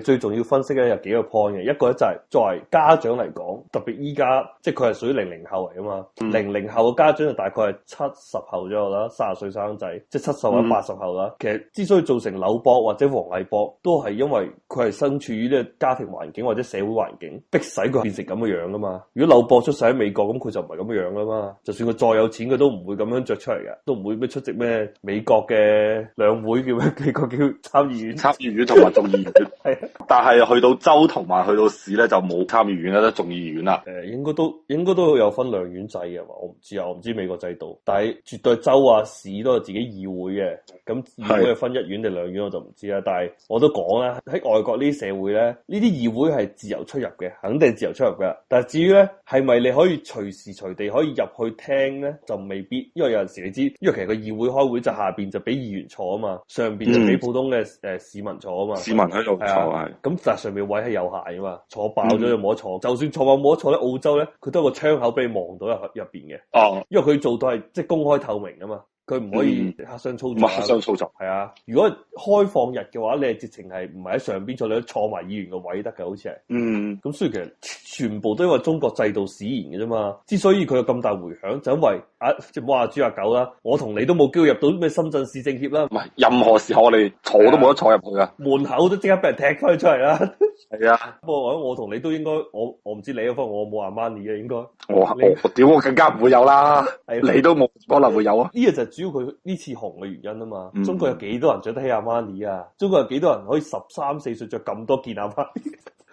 最重要分析咧有幾個 point 嘅，一個咧就係作為家長嚟講，特別依家即係佢係屬於零零後嚟啊嘛。零零後嘅家長就大概係七十後左右啦，卅歲生仔，即係七十或八十後啦。其實之所以造成柳博或者黃藝博，都係因為佢係身處於呢家庭環境或者社會環境，逼使佢變成咁嘅樣啊嘛。如果柳博出世喺美國，咁佢就唔係咁嘅樣啦嘛。就算佢再有錢，佢都唔會咁樣着出嚟嘅，都唔會咩出席咩美國嘅兩會叫咩？美國叫參議院、參議院同埋眾議院。但係去到州同埋去到市咧，就冇參議院啦，仲眾議院啦。誒，應該都應該都有分兩院制嘅，我唔知啊，我唔知美國制度。但係絕對州啊市都有自己議會嘅，咁議會係分一院定兩院我就唔知啦。是但係我都講啦，喺外國呢啲社會咧，呢啲議會係自由出入嘅，肯定自由出入嘅。但係至於咧係咪你可以隨時隨地可以入去聽咧，就未必，因為有陣時你知，因為其實個議會開會下面就下邊就俾議員坐啊嘛，上邊就俾普通嘅誒、嗯呃、市民坐啊嘛，以市民喺度坐咁但係上面位係有限噶嘛，坐爆咗就冇得坐。嗯、就算坐又冇得坐咧，澳洲咧佢都有個窗口俾你望到入入邊嘅。哦、嗯，因為佢做到係即係公開透明啊嘛。佢唔可以黑箱操作，嗯、黑箱操作係啊！如果開放日嘅話，你係直情係唔係喺上邊坐，你都坐埋議員嘅位得嘅，好似係。嗯。咁所以其實全部都因為中國制度使然嘅啫嘛。之所以佢有咁大回響，就因為啊，即係馬阿豬阿狗啦，我同你都冇機會入到咩深圳市政協啦。唔係，任何時候我哋坐都冇得坐入去啊！門口都即刻俾人踢開出嚟啦。 係啊，不過我我同你都應該，我我唔知你一方，我冇 Armani 嘅應該，我我我屌我更加唔會有啦，啊、你都冇可能會有啊，呢個就主要佢呢次紅嘅原因啊嘛，中國有幾多人着得起 Armani 啊，中國有幾多人可以十三四歲着咁多件 Armani？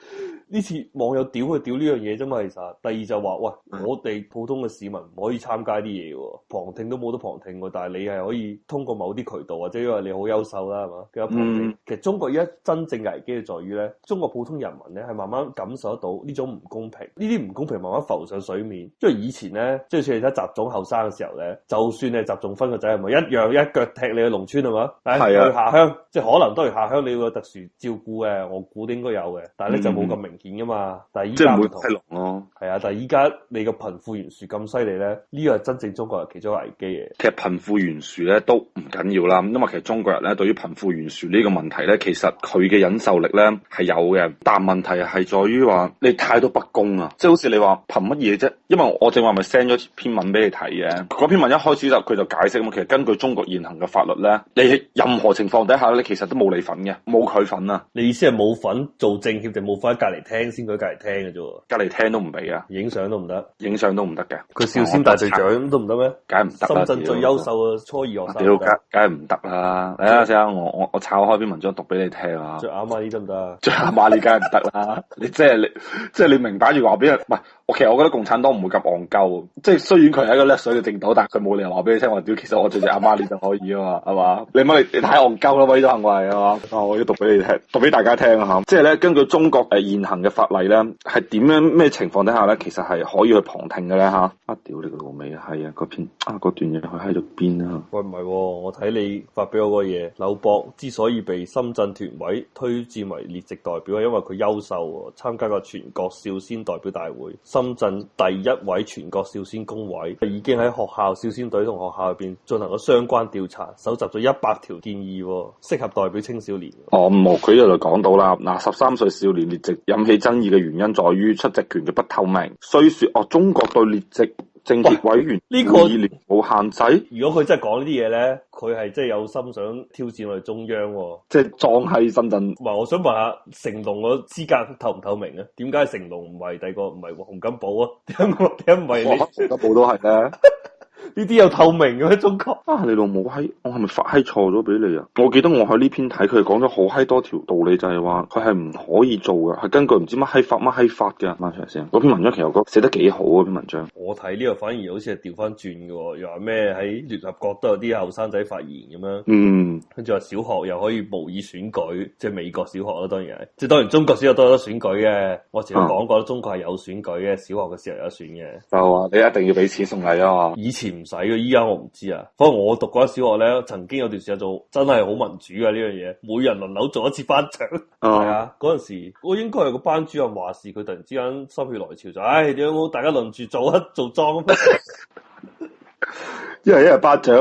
呢次網友屌佢屌呢樣嘢啫嘛，其實第二就話，喂，我哋普通嘅市民唔可以參加啲嘢喎，旁聽都冇得旁聽喎。但係你係可以通過某啲渠道，或者因為你好優秀啦，係嘛，叫旁聽。嗯、其實中國而家真正危機嘅在於咧，中國普通人民咧係慢慢感受得到呢種唔公平，呢啲唔公平慢慢浮上水面。即係以前咧，即係似一習總後生嘅時候咧，就算你係習總分嘅仔係咪一樣一腳踢你去農村係嘛？係啊，去下鄉，即係可能都係下鄉，你要有特殊照顧嘅，我估應該有嘅，但係咧就冇咁明。但 嗯件噶嘛，但係依即係唔會睇龍咯，係啊！但係依家你個貧富懸殊咁犀利咧，呢個係真正中國人其中一個危機嘅。其實貧富懸殊咧都唔緊要啦，因為其實中國人咧對於貧富懸殊呢個問題咧，其實佢嘅忍受力咧係有嘅。但問題係在於話你太多不公啊！即係好似你話憑乜嘢啫？因為我正話咪 send 咗篇文俾你睇嘅，嗰篇文一開始就佢就解釋咁嘛。其實根據中國現行嘅法律咧，你喺任何情況底下咧，其實都冇你份嘅，冇佢份啊！你意思係冇份做政協定冇份喺隔籬？聽先佢隔籬聽嘅啫，隔籬聽都唔俾啊，影相都唔得，影相都唔得嘅。佢笑先大隊長都唔得咩？梗係唔得啦。深圳最優秀嘅初二學生，屌，梗梗係唔得啦。睇下先啊，我我我抄開篇文章讀俾你聽啊。最阿瑪尼你得唔得？最阿瑪尼你梗係唔得啦。你即係你即係你明擺住話俾人唔係我其實我覺得共產黨唔會咁戇鳩，即係雖然佢係一個叻水嘅政黨，但係佢冇理由話俾你聽話屌，其實我做只阿媽你就可以啊嘛，係 嘛？你唔好你太戇鳩啦，喂呢種行為 我係啊嘛！啊，我要讀俾你聽，讀俾大家聽啊嚇，即係咧，根據中國誒現行嘅法例咧，係點樣咩情況底下咧，其實係可以去旁聽嘅咧嚇。啊屌！你個老味啊，係啊，嗰篇啊嗰段嘢去閪咗邊啊？喂，唔係、哦，我睇你發表我個嘢，柳博之所以被深圳團委推薦為列席代表啊，因為佢優秀喎，參加過全國少先代表大會。深圳第一位全國少先工委已經喺學校少先隊同學校入邊進行咗相關調查，搜集咗一百條建議，適合代表青少年。哦，無佢又就講到啦，嗱，十三歲少年列席引起爭議嘅原因，在於出席權嘅不透明。雖說哦，中國對列席，政協委員呢個無限制，這個、如果佢真係講呢啲嘢咧，佢係真係有心想挑戰我哋中央、啊，即係撞喺深圳。唔係，我想問下成龍個資格透唔透明啊？點解成龍唔係第二個唔係洪金寶啊？點解唔係你洪金寶都係咧？ 呢啲又透明嘅喺中國啊，你老母閪！我係咪發閪錯咗俾你啊？我記得我喺呢篇睇，佢講咗好閪多條道理，就係話佢係唔可以做嘅，係根據唔知乜閪法乜閪法嘅。慢出嚟先，嗰篇文章其實我覺得寫得幾好啊。篇文章我睇呢個反而好似係調翻轉嘅，又話咩喺聯合國都有啲後生仔發言咁樣。嗯，跟住話小學又可以模擬選舉，即係美國小學啦，當然係，即係當然中國小學都有得選舉嘅。我前講過，中國係有選舉嘅，啊、小學嘅時候有得選嘅。就話你一定要俾錢送禮啊以前。唔使嘅，依家我唔知啊。不過我讀嗰間小學咧，曾經有段時間做真係好民主嘅呢樣嘢，每人輪流做一次班長。係、uh huh. 啊，嗰陣時我應該係個班主任話事，佢突然之間心血來潮就，唉，點解我大家輪住做一做莊，一日一日班長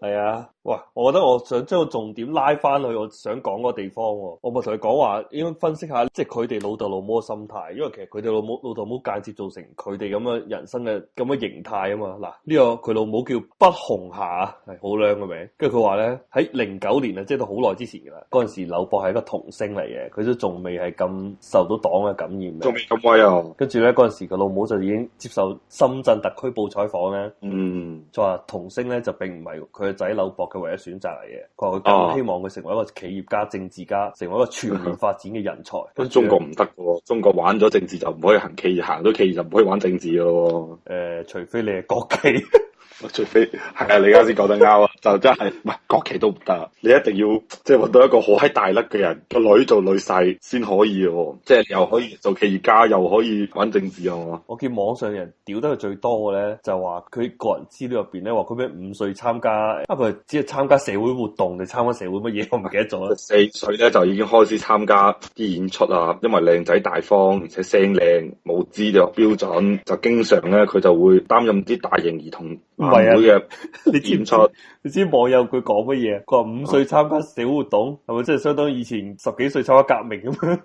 係 啊。哇！我覺得我想將個重點拉翻去，我想講嗰個地方喎、哦。我咪同佢講話，應該分析下，即係佢哋老豆老母嘅心態，因為其實佢哋老母老豆母間接造成佢哋咁嘅人生嘅咁嘅形態啊嘛。嗱，呢、這個佢老母叫畢洪霞，係好靚嘅名。跟住佢話咧，喺零九年啊，即係到好耐之前嘅啦。嗰陣時，柳博係一個童星嚟嘅，佢都仲未係咁受到黨嘅感染，仲未咁威啊。跟住咧，嗰陣時佢老母就已經接受深圳特區報採訪咧。嗯，就話童星咧就並唔係佢嘅仔柳博。佢唯一選擇嚟嘅，佢更希望佢成為一個企業家、啊、政治家，成為一個全面發展嘅人才。咁中國唔得嘅喎，中國玩咗政治就唔可以行企業，行咗企業就唔可以玩政治咯。誒、呃，除非你係國企。 除非係啊，你啱先講得啱啊， 就真係唔係國企都唔得，你一定要即係搵到一個好閪大粒嘅人個女做女婿先可以喎，即係又可以做企業家，又可以玩政治啊嘛。我見網上人屌得佢最多嘅咧，就話佢個人資料入邊咧，話佢咩五歲參加，啊佢只係參加社會活動定參加社會乜嘢，我唔記得咗。四歲咧，就已經開始參加啲演出啊，因為靚仔大方，而且聲靚，舞姿又標準，就經常咧佢就會擔任啲大型兒童唔係啊！你知唔錯？你知網友佢講乜嘢？佢話五歲參加小活動，係咪即係相當於以前十幾歲參加革命咁啊？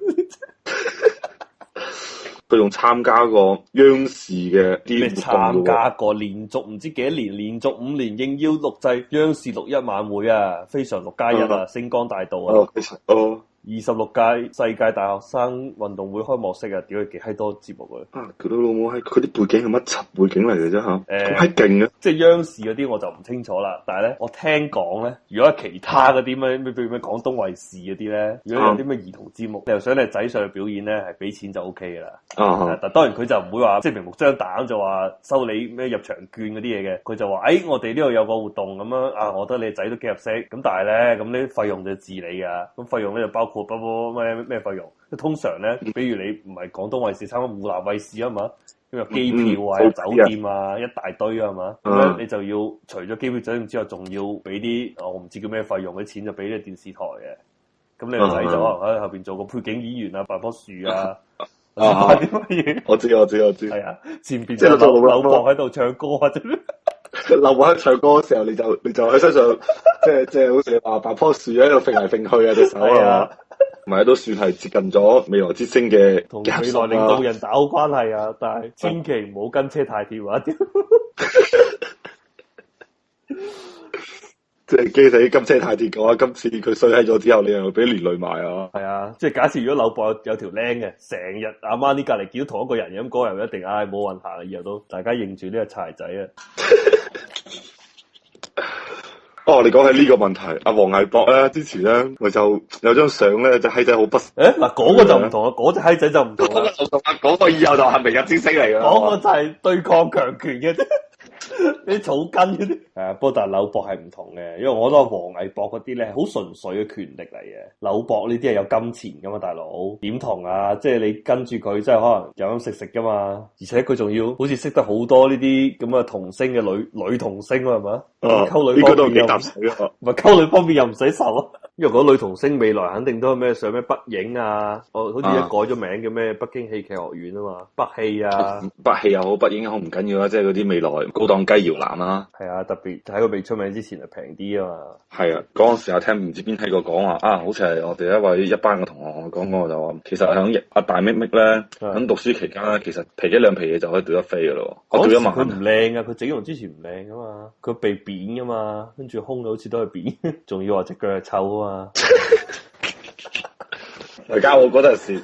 佢仲參加過央視嘅咩活動參加過連續唔知幾多年，連續五年應邀錄製央視六一晚會啊！非常六加一啊！啊星光大道啊！哦、啊。啊啊二十六屆世界大學生運動會開幕式啊，屌佢幾閪多節目嘅，佢老母係佢啲背景係乜柒背景嚟嘅啫吓，誒係勁啊，即係央視嗰啲我就唔清楚啦。但係咧，我聽講咧，如果係其他嗰啲咩咩，比如咩廣東衛視嗰啲咧，如果有啲咩兒童節目，啊、你又想你仔上去表演咧，係俾錢就 O K 噶啦。啊、但當然佢就唔會話即係明目張膽就話收你咩入場券嗰啲嘢嘅，佢就話誒、哎，我哋呢度有個活動咁樣、嗯、啊，我覺得你仔都幾合適。咁但係咧，咁呢啲費用就自理噶。咁費用咧就包括。乜乜咩咩費用，通常咧，比如你唔係廣東衛視，參加湖南衛視啊嘛，有機票啊、有酒店啊一大堆啊嘛，嗯、你就要除咗機票酒店之外，仲要俾啲我唔知叫咩費用嘅錢，就俾啲電視台嘅。咁你唔使就可能喺後邊做個配景演員啊，扮棵樹啊，扮啲乜嘢？我知我知我知，係啊，前邊即係個老伯喺度唱歌啊啫。 劉安唱歌嘅時候，你就你就喺身上， 即係即係好似話八樖樹喺度揈嚟揈去啊隻手啊，唔係都算係接近咗未來之星嘅，啊，同未來領導人打好關係啊，但係千祈唔好跟車太貼啊。 即係驚你今金車太跌嘅話，今次佢衰喺咗之後，你又會俾連累埋啊！係啊，即係假設如果柳博有條靚嘅，成日阿媽呢隔籬見到同一個人咁，嗰、那、人、個、一定唉冇運下，以後都大家認住呢個柴仔啊！ 哦，我哋講起呢個問題，阿黃藝博咧之前咧，我就有張相咧，隻、那、閪、個、仔好不誒嗱，嗰、欸那個就唔同啊，嗰隻閪仔就唔同，嗰 個就啊，嗰、那個以後就係明日之星嚟啦，嗰個就係對抗強權嘅。 你 草根嗰啲，誒，不過但係柳博係唔同嘅，因為我覺得黃毅博嗰啲咧，好純粹嘅權力嚟嘅。柳博呢啲係有金錢噶嘛、啊，大佬點同啊？即係你跟住佢，即係可能飲飲食食噶嘛，而且佢仲要好似識得好多呢啲咁嘅童星嘅女女童星嘛，係咪啊？哦，呢個都幾踏實啊！唔係，溝 女方面又唔使愁啊！如果女童星未來肯定都係咩上咩北影啊，哦好似改咗名叫咩、啊、北京戲劇學院啊嘛，北戲啊，北戲又好北影好唔緊要啦，即係嗰啲未來高檔雞搖籃啊，係啊，特別喺個未出名之前便便啊，平啲啊嘛。係啊，嗰陣時我聽唔知邊聽個講話啊，好似係我哋一位一班嘅同學講講、嗯、就話，其實響阿大冪冪咧，咁、啊、讀書期間咧，其實皮一兩皮嘢就可以掉得飛噶咯。好，佢唔靚啊，佢整容之前唔靚噶嘛，佢鼻扁噶嘛，跟住胸嘅好似都係扁，仲 要話隻腳係臭啊。啊，係家我嗰陣時，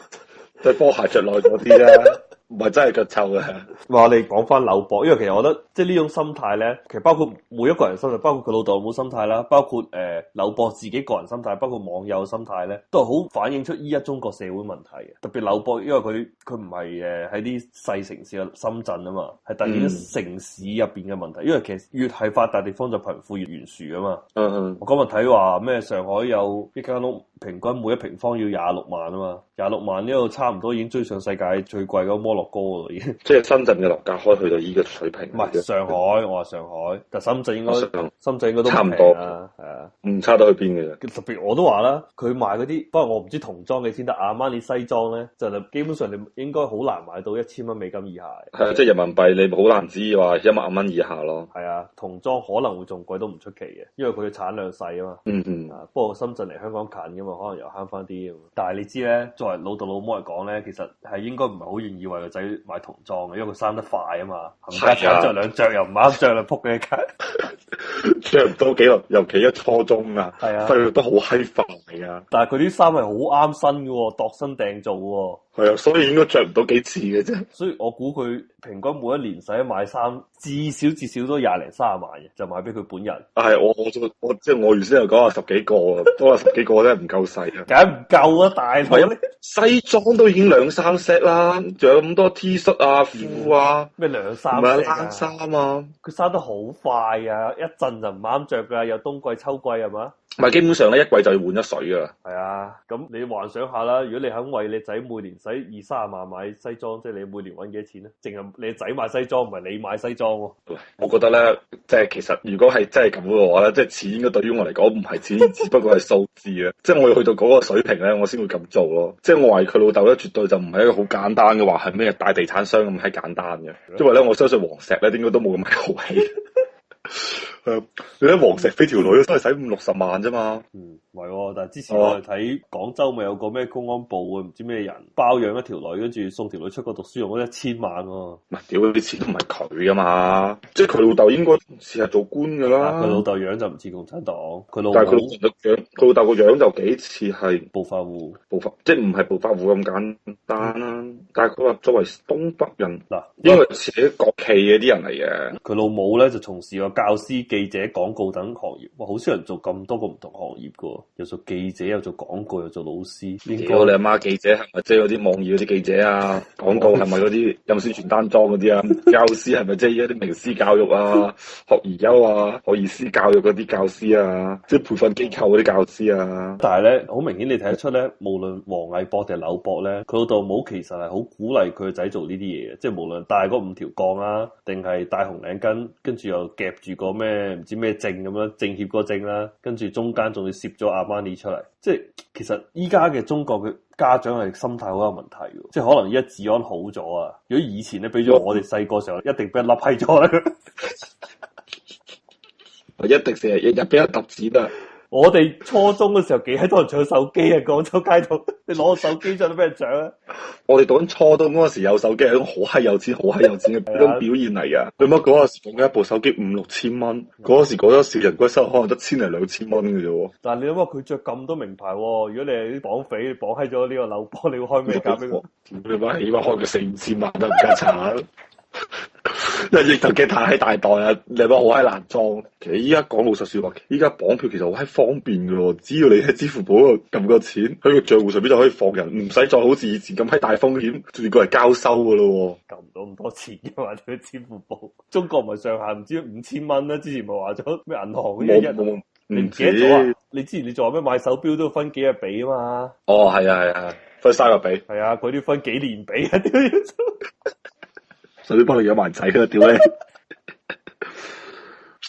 對波鞋着耐咗啲啦。唔係真係腳臭嘅。話我哋講翻紐博，因為其實我覺得即係呢種心態咧，其實包括每一個人心態，包括佢老豆老母心態啦，包括誒、呃、紐博自己個人心態，包括網友心態咧，都係好反映出依一中國社會問題嘅。特別紐博，因為佢佢唔係誒喺啲細城市深圳啊嘛，係突然城市入邊嘅問題。嗯、因為其實越係發達地方就貧富越懸殊啊嘛。嗯嗯，我今日睇話咩上海有一間屋平均每一平方要廿六萬啊嘛，廿六萬呢度差唔多已經追上世界最貴嗰落高已而即係深圳嘅落價開去到依個水平，唔係是上海， 我話上海，但深圳應該、啊、深圳應該都差唔多啦，係啊，唔差到、啊、去邊嘅啫。特別我都話啦，佢賣嗰啲，不過我唔知童裝嘅先得。阿瑪尼西裝咧，就係、是、基本上你應該好難買到一千蚊美金以下，即係人民幣你好難知話一萬蚊以下咯。係啊，童、啊啊、裝可能會仲貴都唔出奇嘅，因為佢嘅產量細啊嘛。嗯嗯哼、啊，不過深圳嚟香港近嘅嘛，可能又慳翻啲。但係你知咧，作為老豆老母嚟講咧，其實係應該唔係好願意為。仔買童裝嘅，因為佢生得快啊嘛，行街揀咗兩着又唔啱着，就仆佢一街着唔到幾耐，尤其一初中是啊，發育都好閪煩啊！但係佢啲衫係好啱身㗎，度身訂做。係啊，所以應該着唔到幾次嘅啫。所以我估佢平均每一年使買衫至少至少都廿零卅萬嘅，就買俾佢本人。係我我我即係我原先又講啊十幾個， 多啊十幾個真係唔夠細啊，梗唔夠啊，大台。有咩？西裝都已經兩三 set 啦，仲有咁多 T 恤啊、褲啊，咩兩、嗯、三唔係冷衫啊，佢、啊、生得好快啊，一陣就唔啱着噶，有冬季、秋季係嘛。咪基本上咧，一季就要換一水噶啦。係啊，咁你幻想下啦，如果你肯為你仔每年使二三十萬買西裝，即係你每年搵幾多錢咧？淨係你仔買西裝，唔係你買西裝喎。我覺得咧，即係其實如果係真係咁嘅話咧，即係錢應該對於我嚟講唔係錢， 只不過係數字啊。即係我要去到嗰個水平咧，我先會咁做咯。即係我懷疑佢老豆咧，絕對就唔係一個好簡單嘅話，係咩大地產商咁閪簡單嘅。 因為咧，我相信王石咧，應該都冇咁好氣。 誒，你睇黃石飛條女都係使五六十萬啫嘛？嗯，唔係、嗯，但係之前我哋睇廣州咪有個咩公安部嘅唔、啊、知咩人包養一條女，跟住送條女出國讀書用咗一千萬、啊。唔係、啊，屌，啲錢都唔係佢㗎嘛，即係佢老豆應該成日做官噶啦。佢老豆樣就唔似共產黨，佢老但係佢老佢老佢老豆個樣就幾似係暴發戶，暴發即係唔係暴發戶咁簡單啦。嗯、但係佢話作為東北人嗱，啊、因為寫國企嘅啲人嚟嘅，佢老母咧就從事個教師記者、廣告等行業，哇，好少人做咁多個唔同行業噶，又做記者，又做廣告，又做老師。邊個 你阿媽記者係咪即係有啲網易嗰啲記者啊？廣告係咪嗰啲有宣傳單裝嗰啲啊？教師係咪即係依家啲名師教育啊、學而優啊、學而思教育嗰啲教師啊？即係培訓機構嗰啲教師啊？但係咧，好明顯你睇得出咧，無論黃藝博定係柳博咧，佢老豆老母其實係好鼓勵佢個仔做呢啲嘢嘅，即係無論戴嗰五條槓啊，定係戴紅領巾，跟住又夾住個咩？唔知咩證咁樣，政協個證啦，跟住中間仲要攝咗阿馬尼出嚟，即係其實依家嘅中國嘅家長係心態好有問題，即係可能而家治安好咗啊！如果以前咧，俾咗我哋細個時候，一定俾人笠喺咗啦，我一定成日日日俾人揼子啦。我哋初中嘅時候幾閪多人搶手機啊！廣州街度，你攞個手機搶都俾人搶啊！ 我哋讀緊初中嗰時有手機係一種好閪有錢、好閪有錢嘅一種表現嚟噶。你唔好講嗰時講緊一部手機五六千蚊，嗰時嗰一時人均收入可能得千零兩千蚊嘅啫。但係你諗下佢着咁多名牌、哦，如果你係啲綁匪綁喺咗呢個樓波，你會開咩價俾佢？你話起碼開佢四五千萬都唔夠慘。 因為亦都嘅太大袋啊，你話好閪難裝。其實依家講老實說話，依家綁票其實好閪方便嘅，只要你喺支付寶度撳嗰錢，喺個賬戶上面就可以放人，唔使再好似以前咁閪大風險，直接過嚟交收噶咯。撳唔到咁多錢嘅話，你支付寶中國唔係上限唔知五千蚊咧、啊？之前咪話咗咩銀行、啊、一日人，不你唔記得咗啊？你之前你仲話咩買手表都分幾日俾啊嘛？哦，係啊係啊，啊，分三個俾。係啊，嗰啲分幾年俾啊？ 想幫你養埋仔啊！屌你！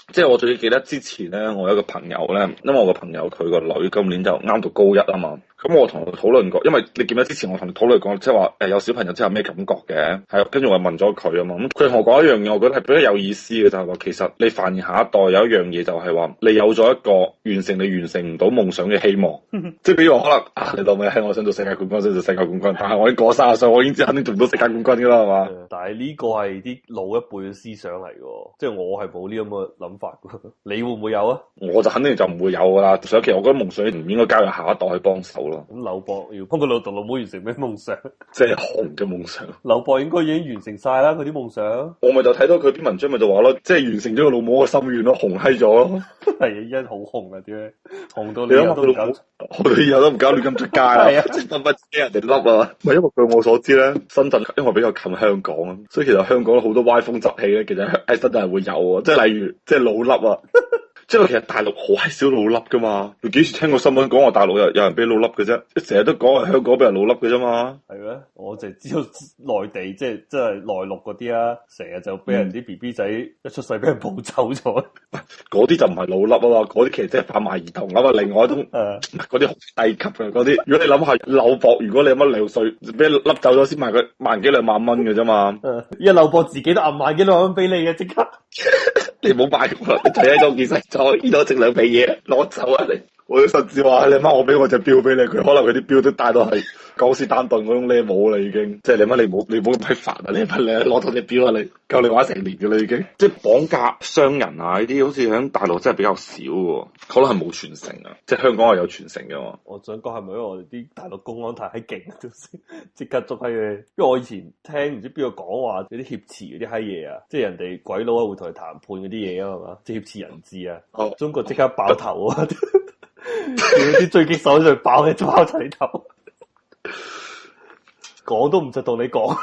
即係我最記得之前呢，我有一個朋友呢，因為我個朋友佢個女今年就啱到高一啊嘛。咁我同佢討論過，因為你見到之前，我同你討論過，即係話誒有小朋友之後咩感覺嘅？係，跟住我問咗佢啊嘛。咁佢同我講一樣嘢，我覺得係比較有意思嘅，就係、是、話其實你發現下一代有一樣嘢，就係話你有咗一個完成你完成唔到夢想嘅希望。 即係比如可能啊，你當未喺我想做世界冠軍，想做世界冠軍，但、啊、係我已經過三十歲，我已經知肯定做唔到世界冠軍噶啦，係嘛？但係呢個係啲老一輩嘅思想嚟嘅，即、就、係、是、我係冇呢咁嘅諗法。 你會唔會有啊？我就肯定就唔會有噶啦。所以其實我覺得夢想唔應該交由下一代去幫手咯。咁劉博要幫佢老豆老母完成咩夢想？即係紅嘅夢想。劉博應該已經完成晒啦，佢啲夢想。我咪就睇到佢啲文章咪就話咯，即係完成咗個老母個心願咯，紅閪咗咯。係啊， 一好紅啊，啲，咧？紅到你諗下都老，我以後都唔搞亂咁出街啦。係 啊，都唔知俾人哋笠啊。唔係，因為據我所知咧，深圳因為比較近香港，所以其實香港好多歪風雜氣咧，其實喺深圳係會有啊。即係例如，即係老笠啊。即係其實大陸好閪少老笠噶嘛，你幾時聽過新聞講話大陸有有人俾老笠嘅啫？成日都講係香港俾人老笠嘅啫嘛。係咩？我就係知道內地即係即係內陸嗰啲啊，成日就俾人啲 B B 仔一出世俾人抱走咗。嗰啲就唔係老笠啊嘛，嗰啲其實即係販賣兒童啊嘛，另外一種，嗰啲好低級嘅嗰啲。如果你諗下劉博，如果你有乜兩歲俾笠走咗，先賣佢萬幾兩萬蚊嘅啫嘛。一劉博自己都撳萬幾兩蚊俾你嘅即刻。你冇拜我，你睇睇呢件事。我呢度剩兩瓶嘢，攞走啊你！ 我都甚至話：你媽，我俾我隻錶俾你，佢可能佢啲錶都戴到係舊時丹頓嗰種咧冇啦，已經。即係你媽，你冇你冇咁閪煩啊！你媽，你攞咗啲錶啊！你夠你玩成年嘅啦已經。即係綁架商人啊！呢啲好似喺大陸真係比較少喎，可能係冇傳承啊。即係香港係有傳承嘅嘛。我想講係咪因為我哋啲大陸公安太勁啊？即 刻捉係，因為我以前聽唔知邊個講話有啲挾持嗰啲閪嘢啊，即係人哋鬼佬啊會同佢談判嗰啲嘢啊嘛，即係挾持人質啊，oh. 中國即刻爆頭啊！Oh. 啲最勁手就喺度爆你包仔頭，講 都唔實同你講。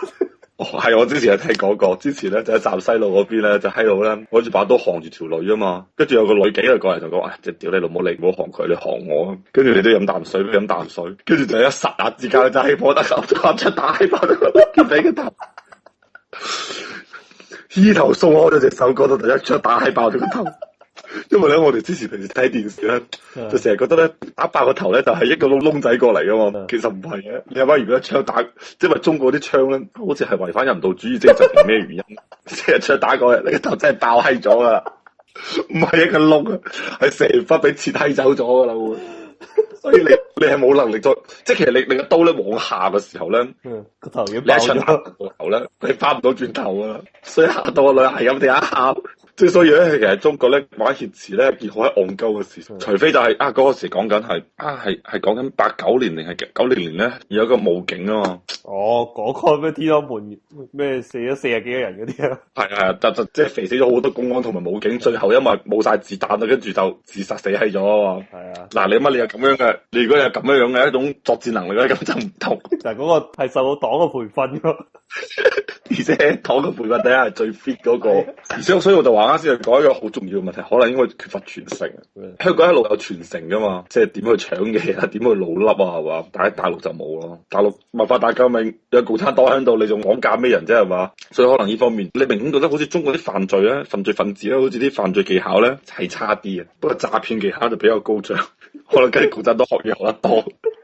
哦，係我之前有聽講過，之前咧就喺、是、站西路嗰邊咧就喺度咧，攞住把刀行住條女啊嘛，跟住有個女警嚟過嚟就講，哇、哎！即屌你老母你唔好行佢，你行我，跟住你都飲啖水，飲啖水，跟住就一霎之間就喺波得手打爆頭，打出大包，跟住俾佢頭，依頭鬆開咗隻手，嗰度第一間出大包咗個頭。 因為咧，我哋之前平時睇電視咧，的就成日覺得咧，打爆個頭咧就係一個窿窿仔過嚟噶嘛。其實唔係嘅，你阿媽如果一槍打，即係話中國啲槍咧，好似係違反人道主義，即係就係咩原因？即係槍打過嚟，你個頭真係爆閪咗噶，唔係一個窿啊，係成塊俾切低走咗噶啦會。所以你你係冇能力再，即係其實你你個刀咧往下嘅時候咧，嗯、頭已經個頭要爆咗個頭咧，你翻唔到轉頭啊。所以吓到個女孩飲定一吓。即係所以咧，其實中國咧玩挾持咧，件好喺戇鳩嘅事情。的除非就係、是、啊，嗰、那個時講緊係啊，係係講緊八九年定係九零年咧，有一個武警啊嘛。哦，嗰、那個咩天安門咩死咗四十幾個人嗰啲啊？係啊，就就即係肥死咗好多公安同埋武警，的最後因為冇晒子彈啊，跟住就自殺死喺咗啊嘛。係的啊，嗱，你乜你係咁樣嘅？你如果係咁樣樣嘅一種作戰能力咧，咁就唔同。就係嗰個係受到黨嘅培訓㗎。 而且，堂嘅背景底下係最 fit 嗰、那個，所以 所以我就話啱先，講一個好重要嘅問題，可能因為缺乏傳承。香港 一路有傳承噶嘛，即係點去搶嘢啊，點去老笠啊，係嘛？但喺大陸就冇咯，大陸文化大革命有共產黨喺度，你仲講嫁咩人啫，係嘛？所以可能呢方面，你明顯覺得好似中國啲犯罪啊，犯罪分子咧，好似啲犯罪技巧咧係差啲嘅，不過詐騙技巧就比較高漲，可能跟共產黨學嘢學得多。